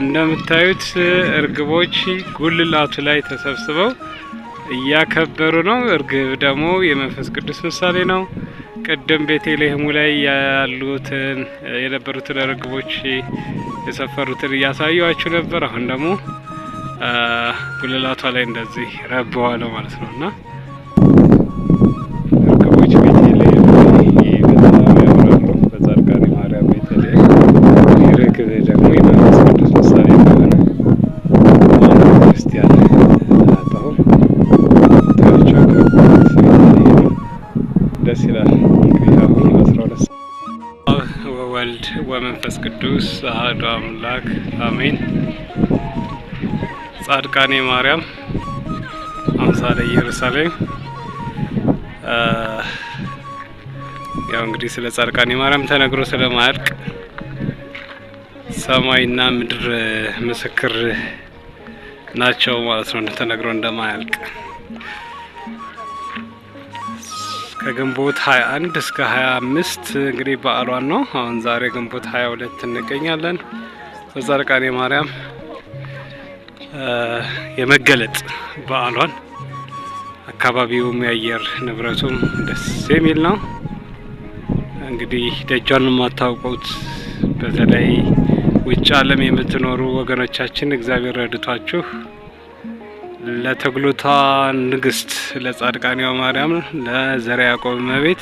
እንደምታዩት እርግቦች ጉልላቱ ላይ ተሰብስበው እያከበሩ ነው። እርግብ ደግሞ የመንፈስ ቅዱስ ምሳሌ ነው። ቅድም ቤተልሔሙ ላይ ያሉትን የነበሩትን እርግቦች የሰፈሩትን እያሳዩዋችሁ ነበር። አሁን ደግሞ ጉልላቷ ላይ እንደዚህ ረብዋለው ማለት ነው እና ወወልድ ወመንፈስ ቅዱስ አህዶ አምላክ አሜን። ጻድቃኔ ማርያም አምሳለ ኢየሩሳሌም። ያው እንግዲህ ስለ ጻድቃኔ ማርያም ተነግሮ ስለማያልቅ ሰማይና ምድር ምስክር ናቸው ማለት ነው። ተነግሮ እንደማያልቅ ከግንቦት 21 እስከ 25 እንግዲህ በዓሏን ነው። አሁን ዛሬ ግንቦት 22 እንገኛለን። በጻድቃኔ ማርያም የመገለጥ በዓሏን አካባቢውም የአየር ንብረቱም ደስ የሚል ነው። እንግዲህ ደጇን የማታውቁት በተለይ ውጭ ዓለም የምትኖሩ ወገኖቻችን እግዚአብሔር ረድቷችሁ ለተግሎታ ንግስት ለጻድቃኔዋ ማርያም፣ ለዘርዓ ያዕቆብ እመቤት፣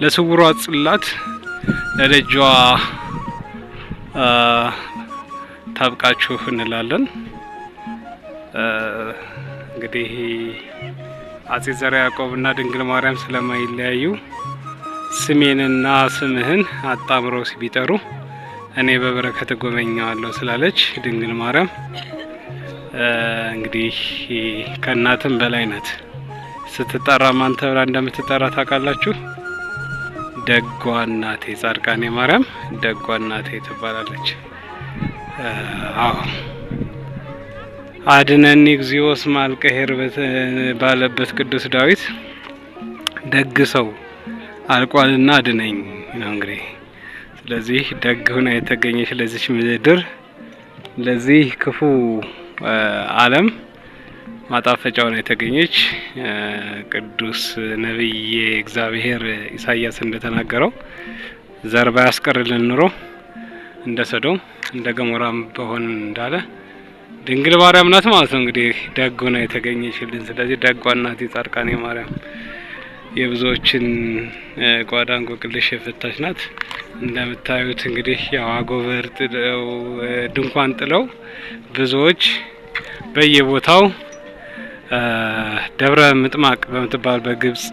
ለስውሯ ጽላት፣ ለደጇ ታብቃችሁ እንላለን። እንግዲህ አጼ ዘርዓ ያዕቆብና ድንግል ማርያም ስለማይለያዩ ስሜንና ስምህን አጣምረው ቢጠሩ እኔ በበረከት ጎበኘዋለሁ ስላለች ድንግል ማርያም እንግዲህ ከእናትም በላይ ናት። ስትጠራ ማን ተብላ እንደምትጠራ ታውቃላችሁ? ደጓ እናቴ ጻድቃኔ ማርያም ደጓ እናቴ ትባላለች። አዎ አድነኒ እግዚኦ እስመ ባለበት ቅዱስ ዳዊት ደግ ሰው አልቋልና አድነኝ ነው እንግዲህ። ስለዚህ ደግ ሁና የተገኘች ለዚች ምድር ለዚህ ክፉ አለም ማጣፈጫ ሆና የተገኘች ቅዱስ ነብይ እግዚአብሔር ኢሳያስ እንደተናገረው ዘር ባያስቀርልን ኑሮ እንደ ሰዶም እንደ ገሞራም በሆን እንዳለ ድንግል ማርያም ናት ማለት ነው። እንግዲህ ደግ ሆና የተገኘችልን። ስለዚህ ደጓ እናት የጻድቃኔ ማርያም የብዙዎችን ጓዳ እንቆቅልሽ የፈታች ናት። እንደምታዩት እንግዲህ ያው አጎበር ጥለው ድንኳን ጥለው ብዙዎች በየቦታው ደብረ ምጥማቅ በምትባል በግብጽ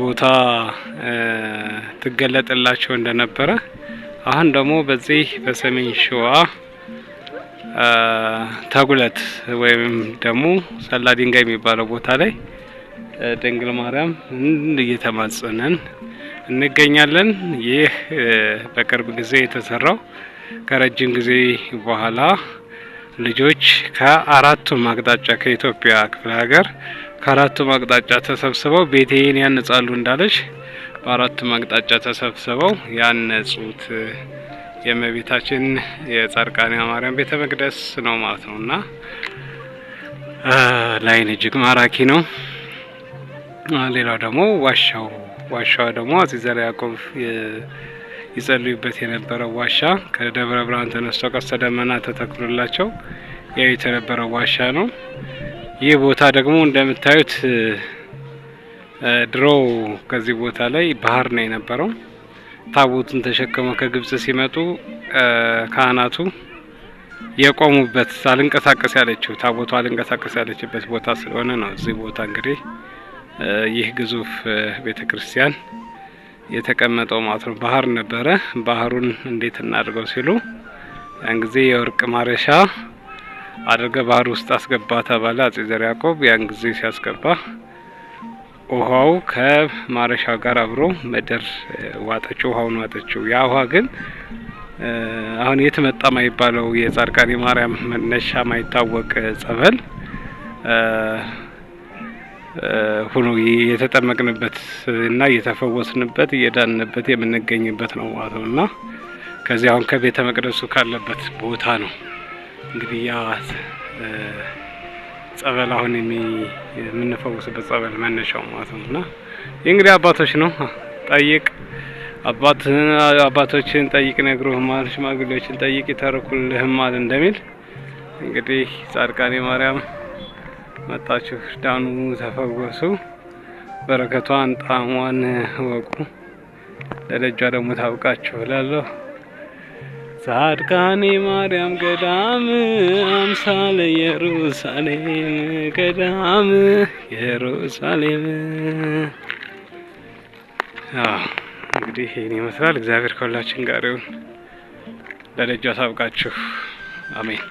ቦታ ትገለጥላቸው እንደነበረ አሁን ደግሞ በዚህ በሰሜን ሸዋ ተጉለት ወይም ደግሞ ሰላ ድንጋይ የሚባለው ቦታ ላይ ድንግል ማርያም እየተማጸነን እንገኛለን። ይህ በቅርብ ጊዜ የተሰራው ከረጅም ጊዜ በኋላ ልጆች ከአራቱም አቅጣጫ ከኢትዮጵያ ክፍለ ሀገር ከአራቱም አቅጣጫ ተሰብስበው ቤቴን ያነጻሉ እንዳለች በአራቱም አቅጣጫ ተሰብስበው ያነጹት የእመቤታችን የጻድቃኔ ማርያም ቤተ መቅደስ ነው ማለት ነው እና ላይን እጅግ ማራኪ ነው። ሌላው ደግሞ ዋሻው ዋሻዋ ደግሞ አፄ ዘርዓ ያዕቆብ ይጸልዩበት የነበረው ዋሻ ከደብረ ብርሃን ተነስቶ ቀስተ ደመና ተተክሎላቸው ያዩት የነበረው ዋሻ ነው። ይህ ቦታ ደግሞ እንደምታዩት ድሮ ከዚህ ቦታ ላይ ባህር ነው የነበረው። ታቦቱን ተሸክመው ከግብጽ ሲመጡ ካህናቱ የቆሙበት አልንቀሳቀስ ያለችው ታቦቱ አልንቀሳቀስ ያለችበት ቦታ ስለሆነ ነው። እዚህ ቦታ እንግዲህ ይህ ግዙፍ ቤተ ክርስቲያን የተቀመጠው ማለት ነው። ባህር ነበረ። ባህሩን እንዴት እናድርገው ሲሉ ያን ጊዜ የወርቅ ማረሻ አድርገ ባህር ውስጥ አስገባ ተባለ። አጼ ዘር ያዕቆብ ያን ጊዜ ሲያስገባ ውሃው ከማረሻ ጋር አብሮ ምድር ዋጠችው፣ ውሃውን ዋጠችው። ያ ውሃ ግን አሁን የት መጣ የማይባለው የጻድቃኔ ማርያም መነሻ ማይታወቅ ጸበል ሁኑ የተጠመቅንበት እና እየተፈወስንበት እየዳንበት የምንገኝበት ነው ማለት ነው እና ከዚህ አሁን ከቤተ መቅደሱ ካለበት ቦታ ነው እንግዲህ ያ ጸበል አሁን የምንፈውስበት ጸበል መነሻው ማለት ነው እና ይህ እንግዲህ አባቶች ነው ጠይቅ አባቶችን ጠይቅ ነግሮህ ማል ሽማግሌዎችን ጠይቅ ማል እንደሚል እንግዲህ ጻድቃኔ ማርያም መጣችሁ ዳኑ፣ ተፈወሱ፣ በረከቷን ጣዕሟን እወቁ፣ ለደጇ ደግሞ ታብቃችሁ እላለሁ። ጻድቃኔ ማርያም ገዳም አምሳለ ኢየሩሳሌም ገዳም ኢየሩሳሌም። እንግዲህ ይህን ይመስላል። እግዚአብሔር ከሁላችን ጋር ይሁን። ለደጇ ታብቃችሁ። አሜን።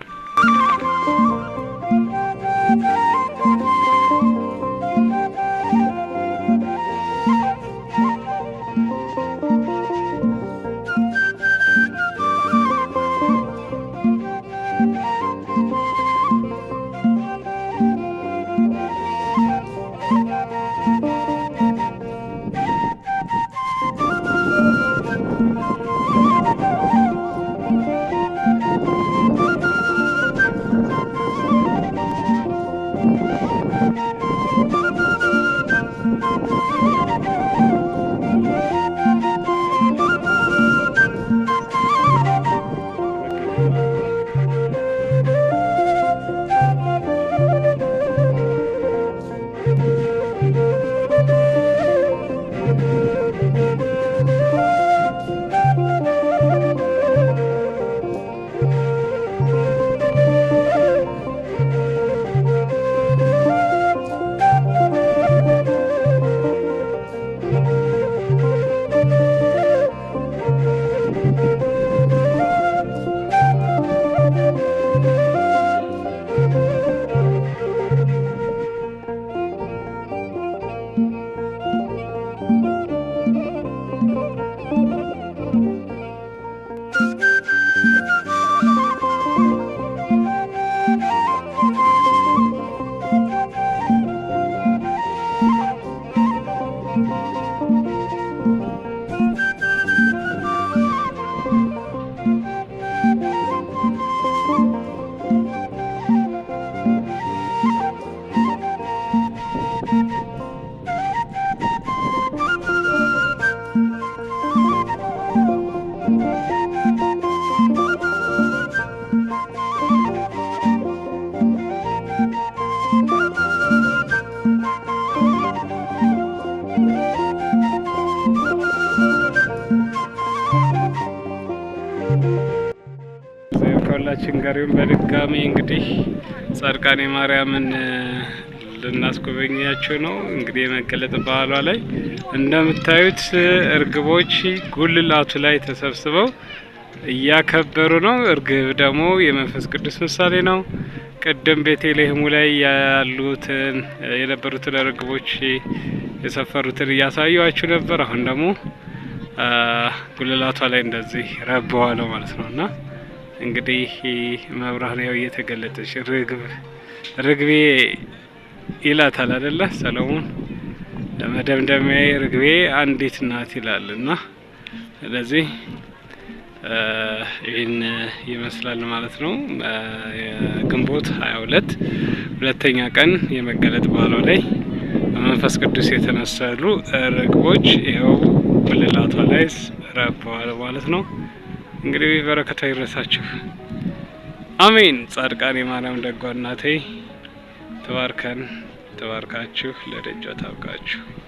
ከሁላችን ጋር ይሁን። በድጋሚ እንግዲህ ጻድቃኔ ማርያምን ልናስጎበኛችሁ ነው። እንግዲህ የመገለጥ ባህሏ ላይ እንደምታዩት እርግቦች ጉልላቱ ላይ ተሰብስበው እያከበሩ ነው። እርግብ ደግሞ የመንፈስ ቅዱስ ምሳሌ ነው። ቅድም ቤተልሔሙ ላይ ያሉትን የነበሩትን እርግቦች የሰፈሩትን እያሳዩችሁ ነበር። አሁን ደግሞ ጉልላቷ ላይ እንደዚህ ረበዋ ነው ማለት ነው እና እንግዲህ ማብራሪያው እየተገለጠች ርግብ ርግቤ ይላታል አደለ ሰለሞን ለመደምደሚያ ርግቤ አንዲት ናት ይላል እና ስለዚህ ይህን ይመስላል ማለት ነው። ግንቦት 22 ሁለተኛ ቀን የመገለጥ በዓሏ ላይ በመንፈስ ቅዱስ የተመሰሉ ርግቦች ይኸው ጉልላቷ ላይ ረግበዋል ማለት ነው። እንግዲህ በረከታ ይድረሳችሁ። አሜን። ጻድቃኔ ማርያም ደጓ እናቴ ትባርከን፣ ትባርካችሁ፣ ለደጃ ታብቃችሁ።